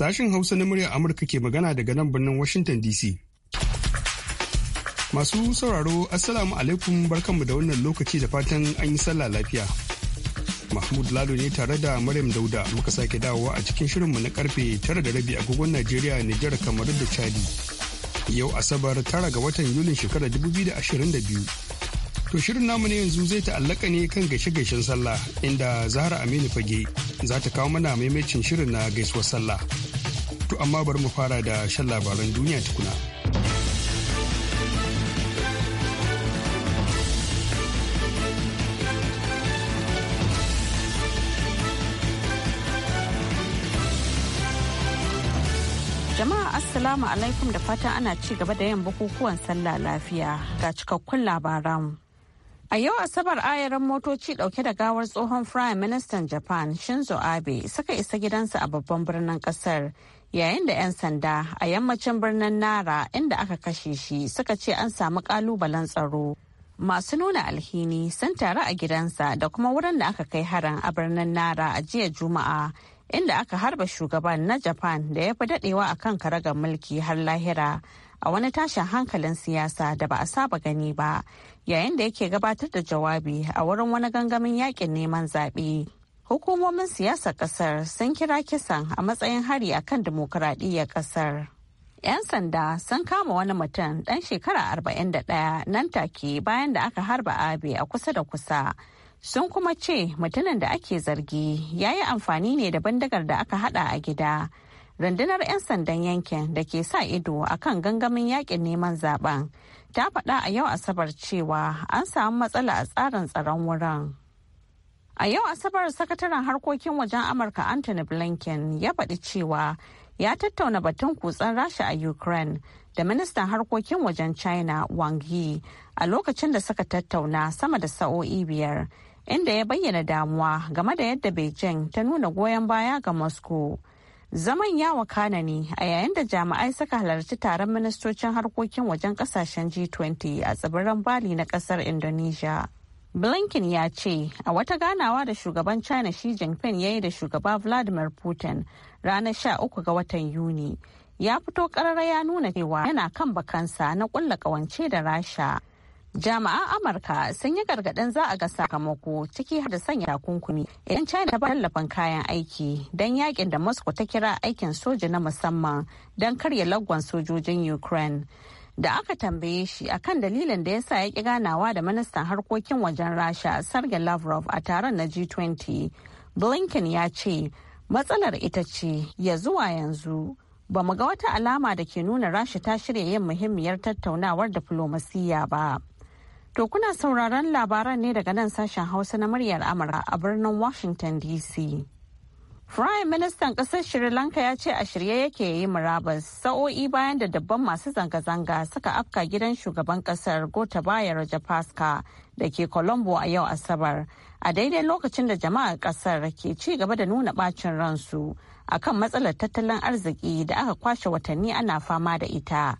Sashen Hausa na muryar Amurka ke magana daga nan birnin Washington DC. Masu sauraro Assalamu alaikum barkanmu da wannan lokaci da fatan an yi sallah lafiya. Mahmud Lalo ne tare da Maryam Dauda muka sake dawowa a cikin shirinmu na karfe tara da rabi agogon Najeriya, Nijar, kamar da Chadi. Yau Asabar tara ga watan Yulin shekarar 2022. To shirin namu ne yanzu zai ta'allaka ne kan gaishe-gaishen sallah inda Zahra Aminu Fage za ta kawo mana maimacin shirin na gaisuwar sallah. To amma bari mu fara da shan labaran duniya tukuna. Jama'a Assalamu alaikum da fatan ana ci gaba da yin bukukuwan sallah lafiya ga cikakkun labaran. A yau Asabar ayaran motoci dauke da gawar tsohon Prime Ministan Japan Shinzo Abe suka isa gidansa a babban birnin kasar yayin da 'yan sanda a yammacin birnin nara inda aka kashe shi suka ce an samu kalubalen tsaro masu nuna alhini sun taru a gidansa da kuma wurin da aka kai harin a birnin nara a jiya juma'a inda aka harba shugaban na japan da ya fi dadewa a kan karagar mulki har lahira a wani tashin hankalin siyasa da ba a saba gani ba yayin da yake gabatar da jawabi a wurin wani gangamin yakin neman zaɓe. hukumomin siyasar kasar sun kira kisan a matsayin hari a kan demokuraɗiyyar kasar. 'Yan sanda sun kama wani mutum ɗan shekara 41 nan take bayan da aka harba abe a kusa da kusa. Sun kuma ce mutumin da ake zargi ya yi amfani ne da bindigar da aka hada a gida. Rundunar 'yan sandan yankin da ke sa ido a kan gangamin yakin neman zaben ta faɗa a yau Asabar cewa an samu matsala a tsarin tsaron wurin. A yau Asabar sakataren harkokin wajen Amurka Anthony Blinken ya faɗi cewa ya tattauna batun kutsen rasha a Ukraine da ministan harkokin wajen China Wang Yi a lokacin da suka tattauna sama da sa'o'i biyar inda ya bayyana damuwa game da yadda Beijing ta nuna goyon baya ga Moscow. Zaman ya wakana ne a yayin da jami'ai suka halarci taron ministocin harkokin wajen kasashen G20 a tsibirin Bali na kasar Indonesia. Blinken ya ce a wata ganawa da shugaban China Xi Jinping ya yi da shugaba Vladimir Putin ranar sha uku ga watan Yuni. Ya fito karara ya nuna cewa yana kan bakansa na kulla kawance da Rasha. Jami'an Amurka sun yi gargaɗin za a ga sakamako ciki har da sanya takunkumi idan China ta ba tallafin kayan aiki don yakin da Moscow ta kira aikin soja na musamman don karya lagwan sojojin Ukraine. da aka tambaye shi akan dalilin da ya sa ya ki ganawa da ministan harkokin wajen rasha sergei lavrov a taron na g20 blinken ya ce matsalar ita ce ya zuwa yanzu ba mu ga wata alama da ke nuna rasha ta shirya yin muhimmiyar tattaunawar diflomasiyya ba to kuna sauraron labaran ne daga nan sashen hausa na muryar amurka a birnin washington dc Prime Ministan ƙasar Sri Lanka ya ce a shirye yake yi murabas sa'o'i bayan da dabban masu zanga-zanga suka afka gidan shugaban ƙasar Gotabaya Rajapaksa da ke Colombo a yau Asabar. A daidai lokacin da jama'ar ƙasar ke ci gaba da nuna ɓacin ransu akan matsalar tattalin arziki da aka kwashe watanni ana fama da ita.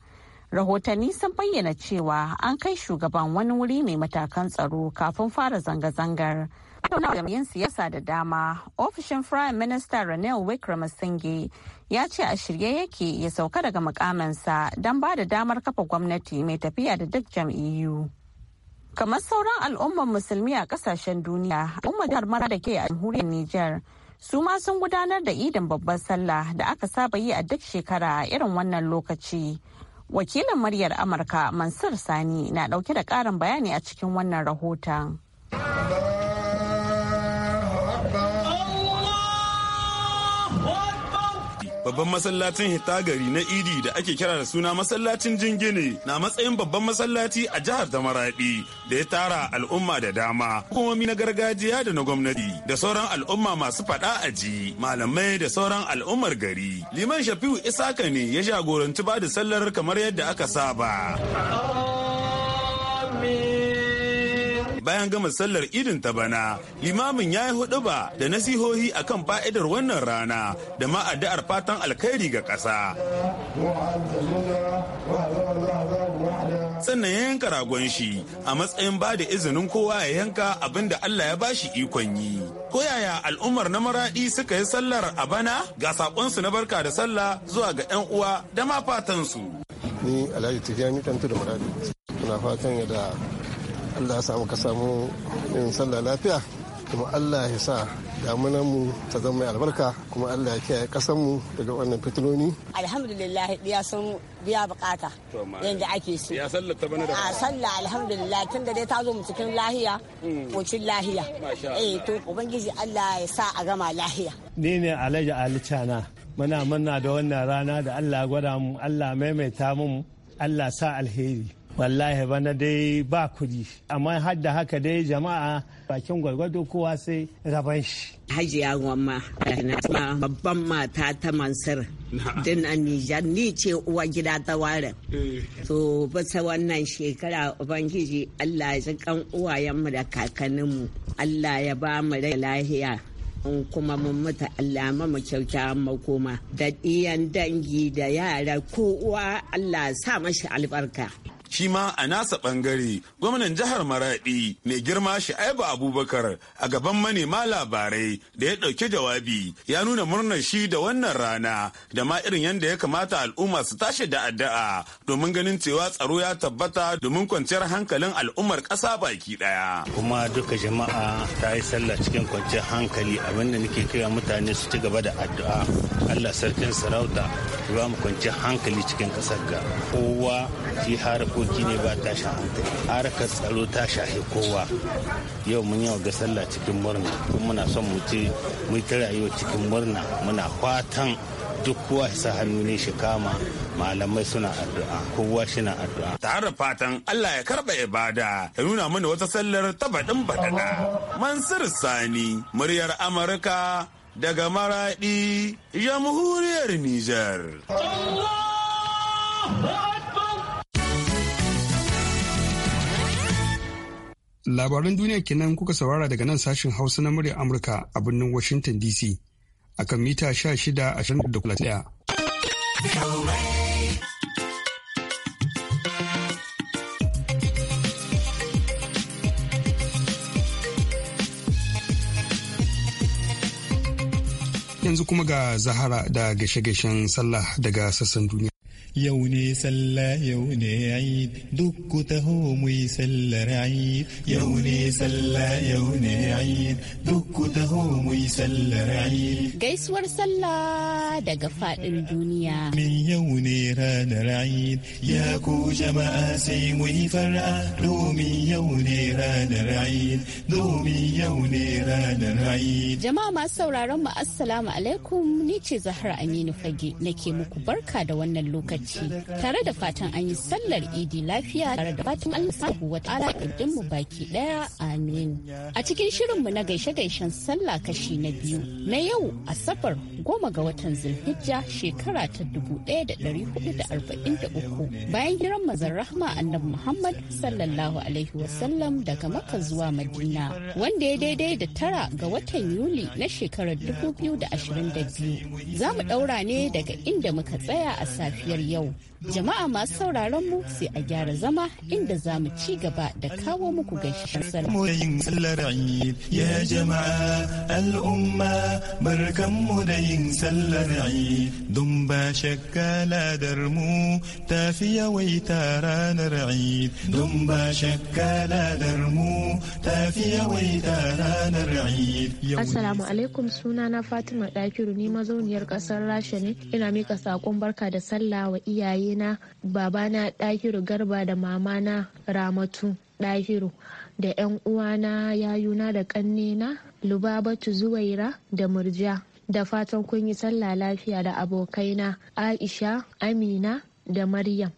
Rahotanni sun bayyana cewa an kai shugaban wani wuri mai matakan tsaro kafin fara zanga-zangar. zanga zangar tattaunawa da yan siyasa da dama ofishin prime minister ranil wickramasinghe ya ce a shirye yake ya sauka daga mukaminsa don ba da damar kafa gwamnati mai tafiya da duk jam'iyyu kamar sauran al'ummar musulmi a kasashen duniya umar jihar mara da ke a jamhuriyar niger su ma sun gudanar da idin babbar sallah da aka saba yi a duk shekara a irin wannan lokaci wakilin muryar amurka mansur sani na dauke da karin bayani a cikin wannan rahoton babban masallacin Hita-Gari na idi da ake kira da suna masallacin jingine na matsayin babban masallaci a jihar ta maradi da ya tara al'umma da dama hukumomi na gargajiya da na gwamnati da sauran al'umma masu faɗa a ji malamai da sauran al'ummar gari liman shafiu isaka ne ya jagoranci ba da sallar kamar yadda aka saba. bayan gama sallar idin ta bana limamin ya yi ba da nasihohi akan fa'idar wannan rana da ma addu'ar fatan alkhairi ga ƙasa sannan ya yanka ragon shi a matsayin ba da izinin kowa ya yanka abinda Allah ya bashi ikon yi ko yaya al'ummar na maradi suka yi sallar a bana ga saƙonsu na barka da sallah zuwa ga 'yan uwa da ma fatan ni alhaji tijjani tantu da maradi muna fatan da Allah ya samu ka samu yin sallah lafiya kuma Allah ya sa damunan mu ta zama mai albarka kuma Allah ya kiyaye kasan mu daga wannan fitinoni. Alhamdulillah ya sun biya bukata yanda ake so. Ya sallar ta bana da sallah alhamdulillah tun da dai ta zo mu cikin lahiya, kocin hmm. lahiya. Eh to ubangiji Allah ya sa a gama lahiya. Ni ne Alhaji Ali Cana. Muna muna da wannan rana da Allah gwada mu, Allah maimaita mu, Allah sa alheri. wallahi bana dai ba kuɗi amma har da haka dai jama'a bakin gwargwado kowa sai raban shi hajiya gwamma eh, na babban mata ta mansur din a nijar ni ce uwa gida ta ware eh. to bisa wannan shekara ubangiji allah ya kan uwayenmu da kakanninmu allah ya ba mu rai lahiya in kuma mun mutu Allah Ma mu kyauta makoma da iyan dangi da yara ko uwa Allah sa mashi albarka shi ma a nasa bangare gwamnan jihar maradi mai girma sha'ibu abubakar a gaban manema labarai da ya ɗauki jawabi ya nuna murnar shi da wannan rana da ma irin yadda ya kamata al'umma su tashi da addu'a domin ganin cewa tsaro ya tabbata domin kwanciyar hankalin al'ummar kasa baki daya. kuma duka jama'a ta yi sallah cikin kwanciyar hankali abinda nake kira mutane su ci gaba da addu'a allah sarkin sarauta ya ba mu kwanciyar hankali cikin kasar ga kowa shi har harkoki ne ba ta shahanta harkar tsaro ta shahi kowa yau mun yau ga sallah cikin murna kuma muna son mu ce mu ta rayuwa cikin murna muna fatan duk kowa sa hannu ne shi kama malamai suna addu'a kowa na addu'a tare da fatan Allah ya karba ibada ya nuna mana wata sallar ta baɗin badana Mansur Sani muryar Amurka daga maraɗi jamhuriyar Nijar. Allah! Labaran duniya kenan kuka saurara daga nan sashen Hausa na muryar Amurka a birnin Washington DC akan mita 16 21 yanzu kuma ga zahara da gashe-gashen sallah daga sassan duniya. yau ne sallah yau ne aid duk ku taho mu yi sallar aid yau ne sallah yau ne aid duk ku taho mu yi sallar aid gaisuwar sallah daga fadin duniya min yau ne ranar aid ya ku jama'a sai mu yi fara domin yau ne ranar aid domin yau ne ranar aid jama'a masu sauraron mu assalamu alaikum ni ce zahra aminu fage nake muku barka da wannan lokaci bacci tare da fatan an yi sallar idi lafiya tare da fatan Allah subhanahu wa ta'ala mu baki ɗaya amin a cikin shirin mu na gaishe-gaishen sallah kashi na biyu na yau asabar goma ga watan zulhijja shekara ta da 1443 bayan hiran mazan rahma annabi muhammad sallallahu alaihi wasallam daga maka zuwa madina wanda ya daidai da tara ga watan yuli na shekarar 2022 za mu daura ne daga inda muka tsaya a safiyar yau. Jama'a masu sauraron mu sai a gyara zama inda za mu ci gaba da kawo muku gaishen sallar. Ya jama'a al'umma barkanmu da yin sallar Eid don ba shakka ladar mu ta fi yawaita ranar Eid don ba shakka ladar mu ta fi yawaita ranar Eid. Assalamu alaikum sunana Fatima Dakiru ni mazauniyar kasar Rasha ne ina mika sakon barka da sallah wa iyayena babana ɗahiru garba da mamana ramatu ɗahiru da 'yan uwana yayuna da ƙannena lubabatu zuwaira da murja da fatan kun yi sallah lafiya da abokaina aisha amina da maryam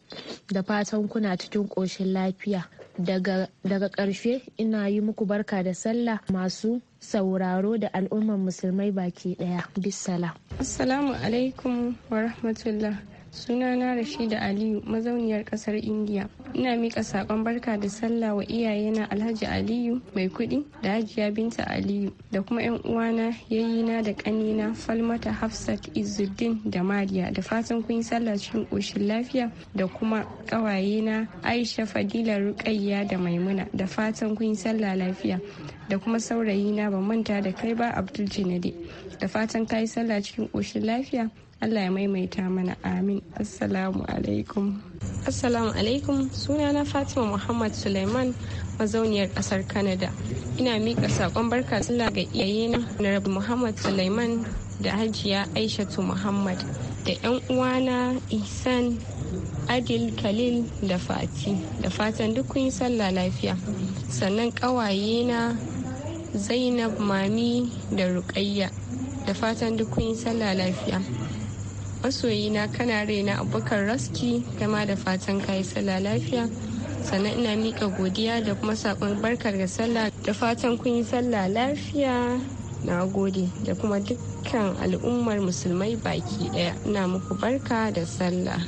da fatan kuna cikin ƙoshin lafiya daga ƙarshe ina yi muku barka da sallah masu sauraro da al'ummar musulmai baki ɗaya bisala assalamu alaikum wa rahmatullah Sunana Rashida Aliyu, mazauniyar kasar indiya Ina mika sakon barka da sallah wa iyayena Alhaji Aliyu mai kuɗi da Hajiya Binta Aliyu da kuma 'yan uwana yayina da ƙanina Falmata Hafsat Izzuddin da Mariya da fatan kun yi sallah cikin koshin lafiya da kuma ƙawayena Aisha Fadila Ruqayya da Maimuna da fatan kun yi sallah lafiya da kuma saurayina ba manta da kai ba Abdul Jinade da fatan ka yi sallah cikin koshin lafiya Allah ya maimaita mana amin assalamu alaikum assalamu alaikum Suna na fatima muhammad suleiman mazauniyar kasar canada ina miƙa saƙon barka sallah ga iyayena na rabu muhammad suleiman da hajiya aishatu muhammad da 'yan uwana ihsan adil khalil da fati da fatan duk kun sallah lafiya sannan ƙawaye na zainab mami da rukayya da fatan duk kun sallah lafiya masoyina kana raina abubakar raski kama da fatan kayi sallah lafiya sannan ina mika godiya da kuma sakon barkar da sallah da fatan kun yi sallah lafiya na gode da kuma dukkan al'ummar musulmai baki ɗaya ina muku barka da sallah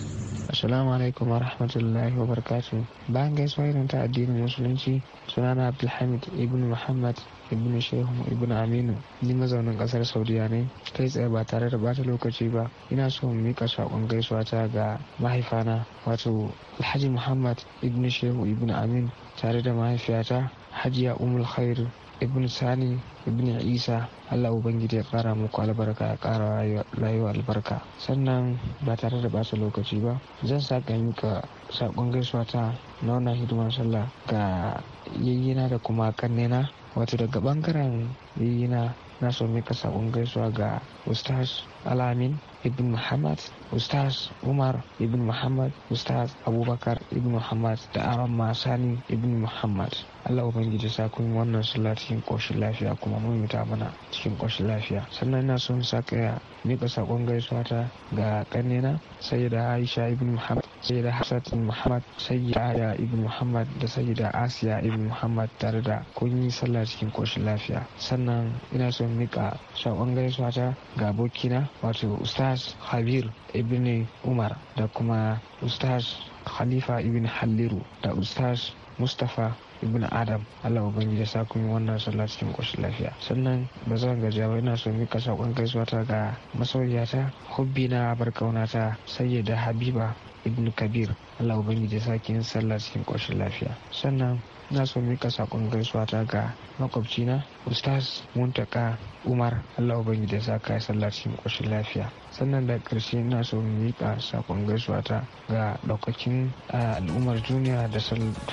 Assalamu alaikum wa rahmatullahi wa barakatuh. Bayan gaisuwa irin ta addinin Musulunci, sunana Abdulhamid Ibn Muhammad ibnu shehu ibn aminu ni mazaunin kasar saudiya ne kai tsaye ba tare da bata lokaci ba ina so mu mika sakon gaisuwa ta ga mahaifana wato alhaji muhammad ibn shehu ibn amin tare da mahaifiyata hajiya umul khair ibn sani ibn isa allah ubangiji ya kara muku albarka ya kara rayuwa albarka sannan ba tare da bata lokaci ba zan saka mika sakon gaisuwa ta na wannan hidimar sallah ga yayyena da kuma kannena wato daga bangaren yi na na so mika gaisuwa ga ustaz alamin ibn muhammad ustaz umar ibn muhammad ustaz abubakar ibn muhammad da Aram masani ibn muhammad allah ubangiji sa kun wannan sallah cikin koshin lafiya kuma mun mana cikin koshin lafiya sannan ina son sa kaya mika sakon gaisuwa ta ga kannena sayyida aisha ibn muhammad sayyida hassan ibn muhammad sayyida aya ibn muhammad da sayyida asiya ibn muhammad tare da kun yi sallah cikin koshin lafiya sannan ina son mika sakon gaisuwa ta ga abokina wato ustaz habir ibn umar da kuma ustaz khalifa ibn halliru da ustaz mustapha ibn adam allah ubangiji ya sa ku wannan sallah cikin ƙoshin lafiya sannan ba zan gajiya ba ina so mika saƙon gaisuwa ga masoyiyata hubbi na barkaunata sayyida habiba ibn kabir allah ubangiji sake yin sallah cikin ƙoshin lafiya sannan na so mika sakon gaisuwa ta ga makwabcina ustaz muntaka umar allah ubangiji sa ka sallah cikin ƙoshin lafiya sannan da ƙarshe na so mika sakon gaisuwa ta ga ɗaukakin al'ummar duniya da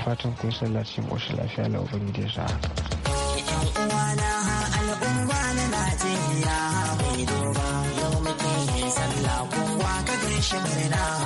fatan kun sallah cikin ƙoshin lafiya allah ubangiji sa Shimmer it out.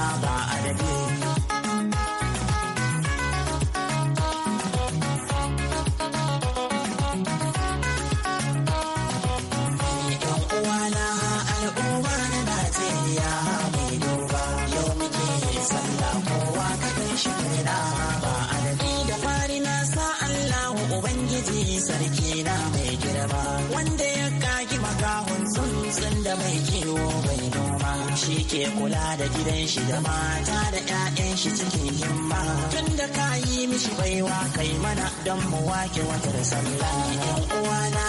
ke kula da gidan shi da mata da 'ya'yan shi cikin himma tun da ka yi mishi baiwa kai mana don mu wake watar sallah ɗan uwa na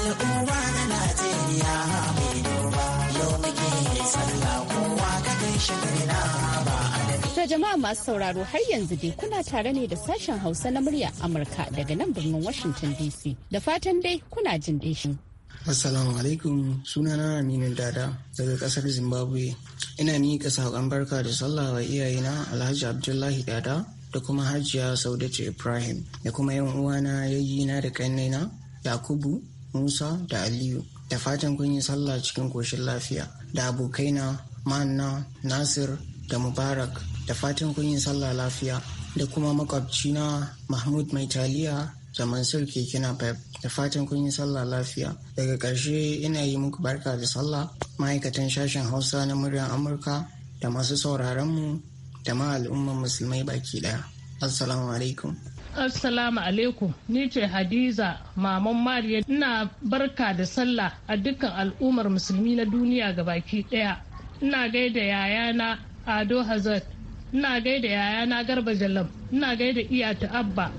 al'umma na Najeriya mai duba yau muke sallah kowa ka gan shi ba ta jama'a masu sauraro har yanzu dai kuna tare ne da sashen Hausa na murya Amurka daga nan birnin Washington DC. Da fatan dai kuna jin daishin. Assalamu alaikum sunana Aminu Dada daga kasar Zimbabwe. Ina miƙa saƙon barka da sallah wa iyayena Alhaji Abdullahi Dada da kuma Hajiya Saudatu Ibrahim da kuma yan uwana yayyina da kainaina Yakubu, Musa da Aliyu. Da fatan kun yi sallah cikin koshin lafiya da abokaina Manna, Nasir da Mubarak da fatan kun yi sallah lafiya da kuma makwabcina Mahmud Mai Taliya da sulki keke pep da fatan kun yi sallah lafiya. Daga karshe ina yi muku barka da sallah ma'aikatan sashen Hausa na muryar Amurka da masu sauraron mu da ma al'ummar musulmai baki ɗaya. Assalamu alaikum. Assalamu alaikum, ni ce Hadiza Maman Mariya ina barka da sallah a dukkan al'ummar musulmi na duniya ga baki ɗaya. Ina gaida yayana Ado Hazard, ina gaida yayana Garba Jallam, ina gaida iya abba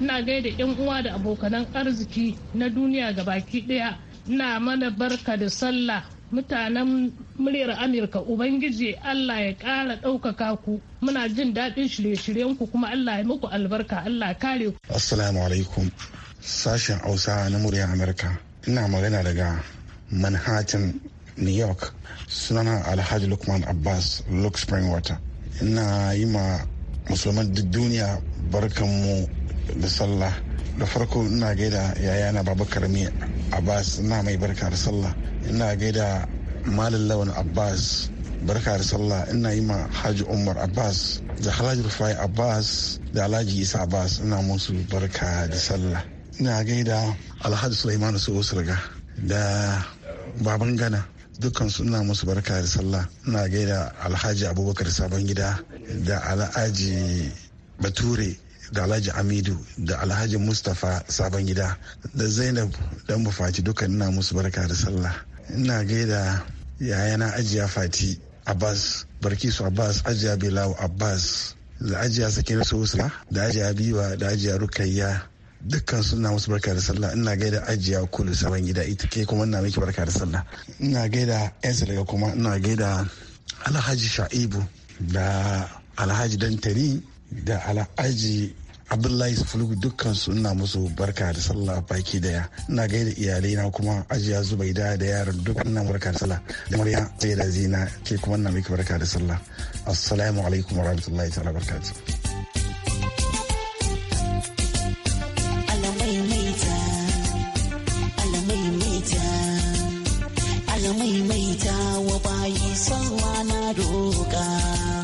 ina gaida yan uwa da abokanan arziki na duniya ga baki daya ina mana barka da sallah mutanen muryar amurka ubangiji allah ya kara ɗaukaka ku muna jin daɗin shirye-shiryen ku kuma allah ya muku albarka allah kare ku assalamu alaikum sashen hausa na muryar amurka ina magana daga manhattan new york sunana alhaji lukman abbas luke springwater ina yi ma musulman duk duniya barkanmu da sallah da farko ina gaida yayana babakar a abbas ina mai barka da sallah ina gaida malam lawan abbas barka da sallah ina yi ma haji umar abbas da alhaji rufai abbas da alhaji isa abbas ina musu barka da sallah ina gaida alhaji sulaimanu su osulga da baban gana dukkan su ina musu barka da sallah ina gaida alhaji abubakar sabon gida da alhaji bature da alhaji amidu da alhaji mustapha sabon gida da zainab dan bufaci duka ina musu barka da sallah ina gaida yayana ajiya fati abbas barkisu abbas ajiya bilawo abbas da ajiya sakin sosa da ajiya biwa da ajiya rukayya dukkan suna musu barka da sallah ina gaida ajiya kulu sabon gida ita ke kuma ina miki barka da sallah ina gaida yansa daga kuma ina gaida alhaji sha'ibu da alhaji dantani da alhaji abdullahi sufulugu dukkan suna ina musu barka da sallah baki daya ina gaida iyalai na kuma ajiya zubai da da yaran duk wannan barka da sallah da murya sai da zina ke kuma na miki barka da sallah assalamu alaikum warahmatullahi ta'ala barakatuh maimaita wa bayi sallah na roƙa.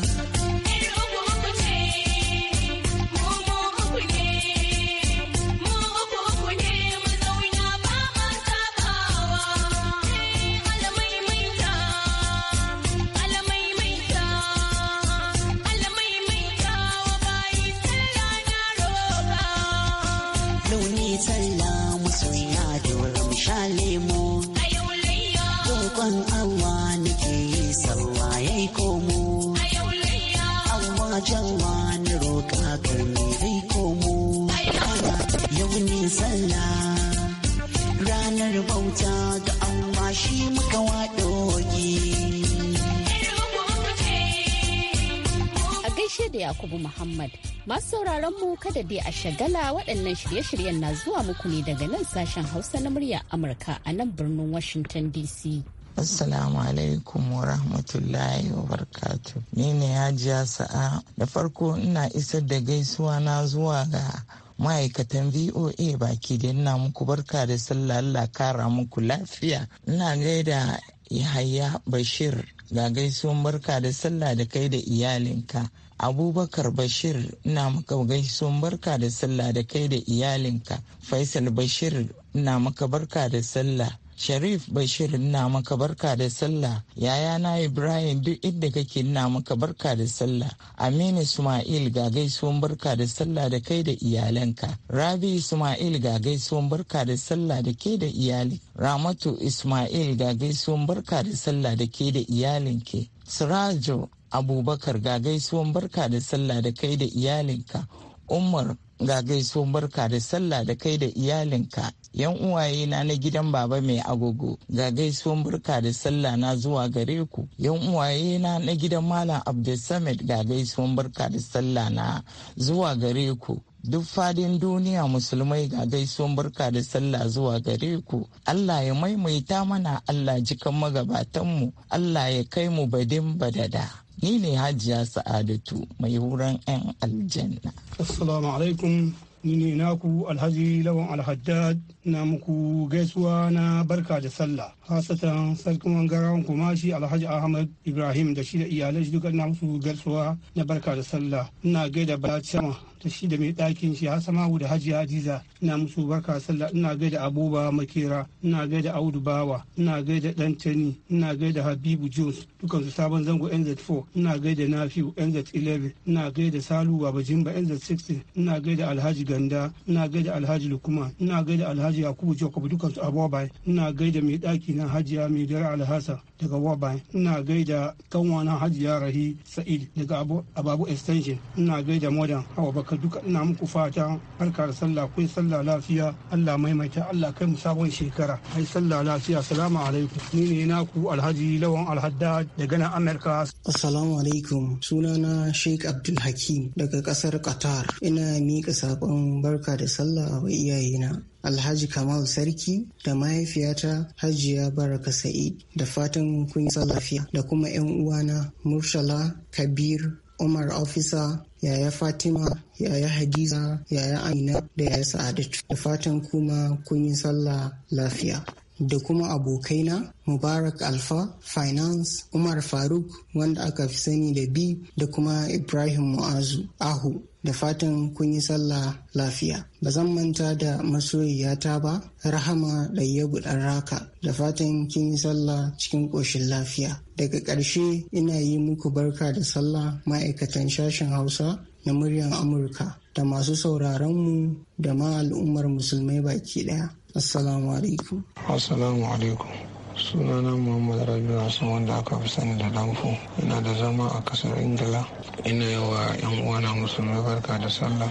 sauraron mu kada dai a shagala waɗannan shirye-shiryen na zuwa muku ne daga nan sashen Hausa na murya Amurka a nan birnin Washington DC. Assalamu alaikum wa rahmatullahi wa barkatu. Ni ne ya Sa'a. Da farko ina isar da gaisuwa na zuwa ga ma'aikatan VOA baki da ina muku barka da sallah Allah kara muku lafiya. Ina gaida Yahaya Bashir ga gaisuwan barka da sallah da kai da iyalinka. abubakar bashir na maka gaisuwan barka da sallah da kai da iyalinka faisal bashir na maka barka da sallah Sharif Bashir na maka barka da sallah yayana Ibrahim duk inda kake na maka barka da sallah Aminu Ismail ga gaisuwan barka da sallah da kai da iyalanka Rabi Ismail ga gaisuwan barka da sallah da ke da iyali Ramatu Ismail ga gaisuwan barka da sallah da ke da iyalinke Sirajo abubakar ga gaisuwan barka da sallah da kai da iyalinka umar ga gaisuwan barka da sallah da kai da iyalinka yan uwaye na na gidan baba mai agogo ga gaisuwan barka da sallah na zuwa gare ku yan uwaye na na gidan malam abdulsamid ga gaisuwan barka da sallah na zuwa gare ku duk fadin duniya musulmai ga gaisuwan barka da sallah zuwa gare ku Allah ya maimaita mana Allah jikan magabatanmu Allah ya kai mu badin badada ni ne hajiya sa'adatu mai wurin 'yan aljanna assalamu alaikum ni ne naku alhaji lawan alhaddad na muku gaisuwa na barka da sallah hasatan sarkin kuma kumashi alhaji ahmad ibrahim da shi da iyalai duka na musu gaisuwa na barka da sallah ina gaida sama da shi da mai ɗakin shi hasamahu da hajiya hadiza ina musu barka sallah ina gaida abuba makera ina gaida audu bawa ina gaida dantani ina gaida habibu jones dukansu sabon zango nz4 ina gaida nafiu nz11 ina gaida salu babajimba nz16 ina gaida alhaji ganda ina gaida alhaji lukuma ina gaida alhaji alhaji yakubu jacob dukansu a wabai ina gaida mai ɗaki na hajiya mai dare alhassa daga wabai ina gaida kanwana hajiya rahi sa'id daga ababu extension ina gaida modan hawa baka duka ina muku fata da sallah kun sallah lafiya allah maimaita allah kai mu sabon shekara ai sallah lafiya salamu alaikum ni ne naku alhaji lawan alhadda daga nan amerika assalamu alaikum sunana sheikh abdul hakim daga ƙasar qatar ina miƙa saƙon barka da sallah wa iyayena Alhaji Kamal Sarki da mahaifiyata Hajiya Baraka Sa'id da fatan kun yi lafiya da kuma 'yan uwana murshala Kabir Umar Ofisa yaya Fatima, yaya Hadiza, yaya Amina da yaya Sa'adatu. Da fatan kuma kun yi sallah lafiya. da kuma abokaina Mubarak Alfa Finance Umar Faruk wanda aka fi sani da bi, da kuma Ibrahim Mu'azu Ahu da fatan kun yi sallah lafiya. Ba zan manta da masoyiyata ba Rahama Ɗayyabu ɗan raka da fatan kin yi sallah cikin ƙoshin lafiya. Daga ƙarshe ina yi muku barka da sallah ma'aikatan sashen Hausa na muryar Amurka da masu sauraronmu da ma al'ummar musulmai baki ɗaya. assalamu alaikum assalamu alaikum sunana muhammad rabiu hassan wanda aka fi sani da danfo ina da zama a kasar ingila ina yi wa yan uwana musulmi barka da sallah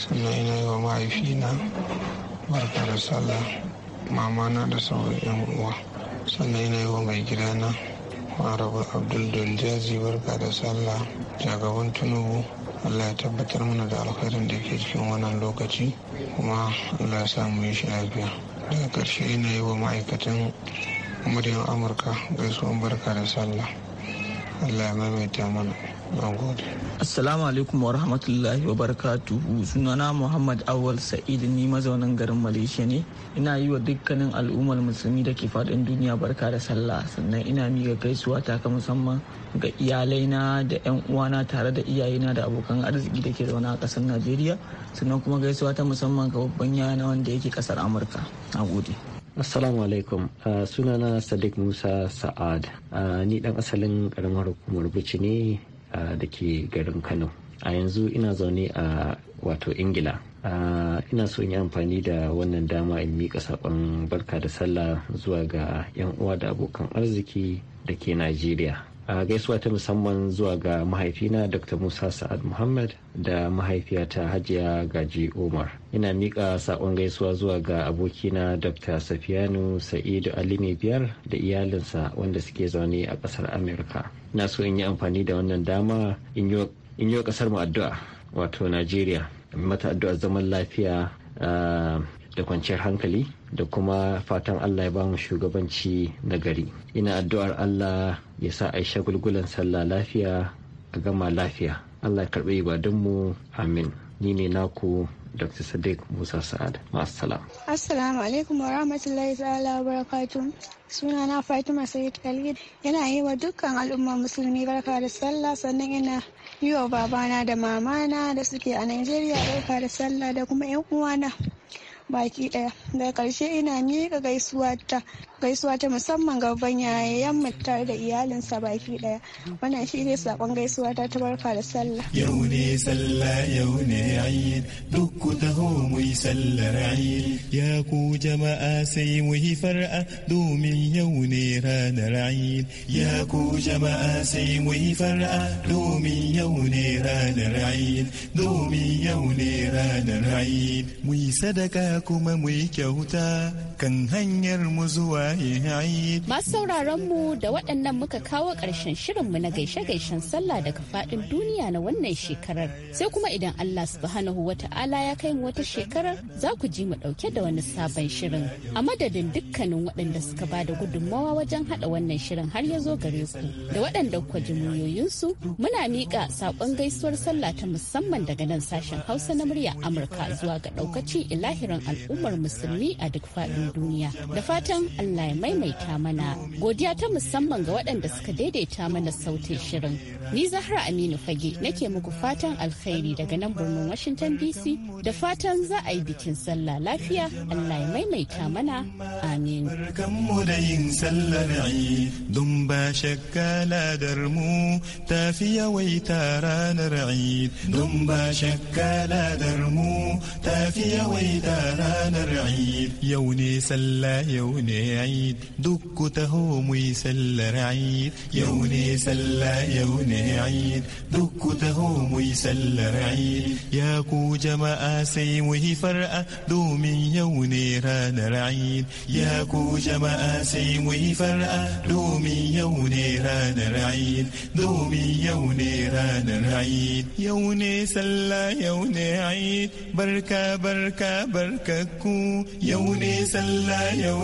sannan ina yi wa mahaifina barka da sallah Mama na da sauran yan uwa sannan ina yi wa mai gidana maraba abdul donjazi barka da sallah jagaban tunubu allah ya tabbatar mana da alkhairin da ke cikin wannan lokaci kuma allah ya sa mu yi shi lafiya daga karshe ina yi wa ma'aikatan muryar amurka gaisuwan barka da sallah allah ya maimaita mana Assalamu alaikum wa rahmatullahi wa barakatuhu sunana Muhammad Awal Sa'id ni mazaunin garin Malaysia ne ina yi wa dukkanin al'ummar musulmi da ke fadin duniya barka da sallah sannan ina miga gaisuwa ta ka musamman ga iyalaina da 'yan uwana tare da iyayena da abokan arziki da ke zaune a kasar Najeriya sannan kuma gaisuwa ta musamman ga babban yana wanda yake kasar Amurka. Na gode. Assalamu alaikum uh, sunana Sadiq Musa Sa'ad uh, ni dan asalin karamar hukumar Bici ne da ke garin kano a yanzu ina zaune a wato ingila ina so in yi amfani da wannan dama in miƙa saƙon barka da sallah zuwa ga 'yan uwa da abokan arziki da ke najeriya a gaisuwa ta musamman zuwa ga mahaifina dr musa sa'ad muhammad da mahaifiyata hajiya gaji umar ina miƙa saƙon gaisuwa zuwa ga abokina dr safiyanu sa'idu alimi biyar da iyalinsa wanda suke zaune a ƙasar amurka na so in yi amfani da wannan dama in yi wa ƙasar mu addu'a wato najeriya mata addu'a zaman lafiya ah, da kwanciyar hankali da kuma fatan Allah ya ba shugabanci na gari. Ina addu'ar Allah ya sa Aisha gulgulan sallah lafiya a gama lafiya. Allah ya karɓi ibadunmu amin. Ni ne naku Dr. Sadiq Musa Sa'ad. Ma'assalam. Assalamu alaikum wa rahmatullahi ta'ala wa barakatuh. Suna na Fatima Sayyid Khalid. Yana yi wa dukkan al'umma musulmi barka da sallah sannan yana yi wa babana da mamana da suke a Najeriya barka da sallah da kuma 'yan uwana. baki ɗaya. Daga karshe ina miƙa gaisuwa ta gaisuwa ta musamman ga babban yayan mu tare da iyalinsa baki daya wannan shi ne sakon gaisuwa ta ta barka da sallah yau ne sallah yau ne ayin duk ku taho mu sallar ayin ya ku jama'a sai mu yi far'a domin yau ne ranar ayin ya ku jama'a sai mu yi far'a domin yau ne ranar ayin domin yau ne ranar ayin mu yi sadaka kuma mu yi kyauta kan hanyar mu zuwa yayi. Masu sauraron mu da waɗannan muka kawo ƙarshen shirinmu na gaishe-gaishen sallah daga faɗin duniya na wannan shekarar. Sai kuma idan Allah subhanahu wa ta'ala ya kai mu wata shekarar za ku ji mu ɗauke da wani sabon shirin. A madadin dukkanin waɗanda suka ba da gudunmawa wajen haɗa wannan shirin har ya zo gare ku. Da waɗanda kwa ji muna miƙa saƙon gaisuwar sallah ta musamman daga nan sashen Hausa na murya Amurka zuwa ga ɗaukacin ilahirin al'ummar musulmi a duk faɗin duniya da fatan allah ya maimaita mana godiya ta musamman ga waɗanda suka daidaita mana sautin shirin ni zahra aminu fage nake muku fatan alkhairi daga nan birnin washington dc da fatan za a yi bikin sallah lafiya allah ya maimaita mana amin ranar yawaita ranar yau ne سلا يوني عيد دك تهوم يسل رعيد يوني سلا يوني عيد دك تهوم يسل رعيد يا كو جما وهي فرأة دوم يوني ران رعيد يا كو جما سيمه فرأة دوم يوني ران رعيد دوم يوني ران رعيد يوني سلا يوني عيد بركة بركة بركة كو يوني سلا sallah yau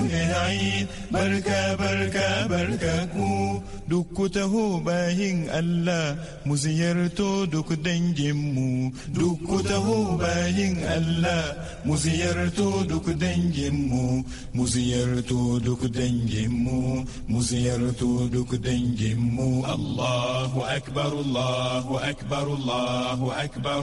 Eid barka barka barka ku duk ku taho bayin Allah mu ziyarto duk danginmu duk ku taho bayin Allah mu ziyarto duk danginmu mu ziyarto duk danginmu mu ziyarto duk danginmu Allahu akbar Allahu akbar Allahu akbar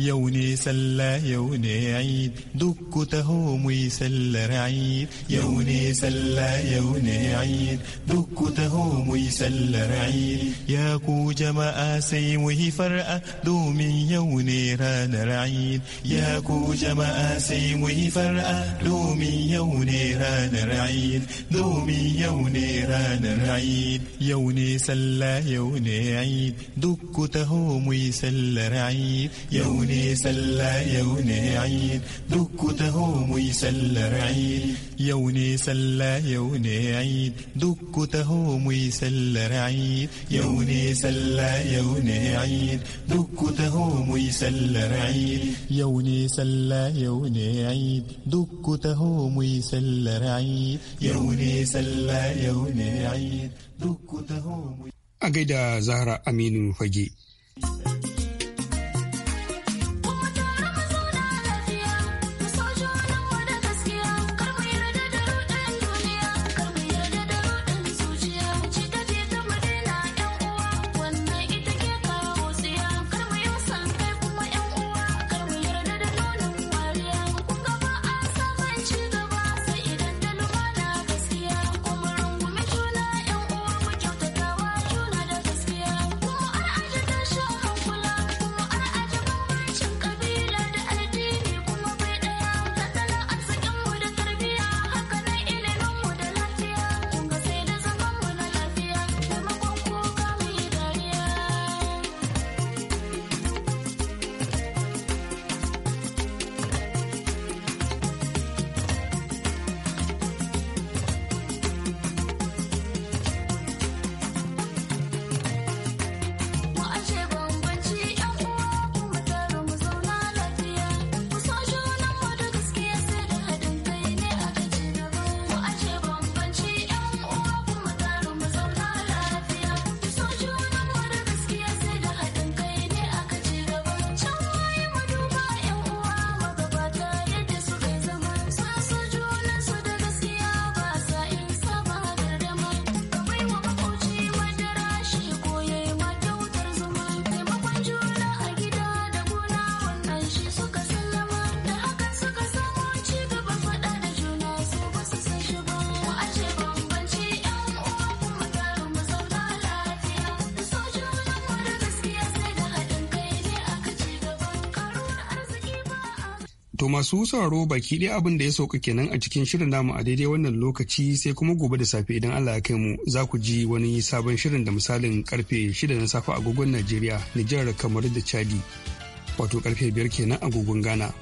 يوني سلا يوني عيد دك تهوم يسل رعيد يوني سلا يوني عيد دك تهوم يسل رعيد يا كو جما سيمه فرأ دوم يوني ران رعيد يا كو جما سيمه فرأ دوم يوني ران رعيد دوم يوني ران رعيد يوني سلا يوني عيد دك تهوم يسل رعيد يوني سلا يوني عيد تهو تهوم سلا عيد يوني سلا يوني عيد تهو تهوم سلا عيد يوني سلا يوني عيد تهو تهوم سلا عيد يوني سلا يوني عيد تهو تهوم سلا عيد يوني سلا يوني عيد دوكو تهوم a أجد زهرة أمين فجي To masu sauraro baki ɗaya abin da ya sauka kenan a cikin shirin namu a daidai wannan lokaci sai kuma gobe da safe idan Allah ya kai mu za ku ji wani sabon shirin da misalin karfe shida na safe agogon Najeriya, Nijar kamar da Chadi. Wato karfe biyar kenan agogon Ghana.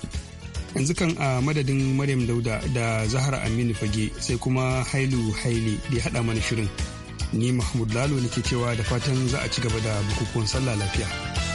Yanzu kan a madadin Maryam Dauda da Zahara Aminu Fage sai kuma Hailu Haile da ya haɗa mana shirin. Ni Mahmud Lalo nake cewa da fatan za a ci gaba da bukukuwan sallah lafiya.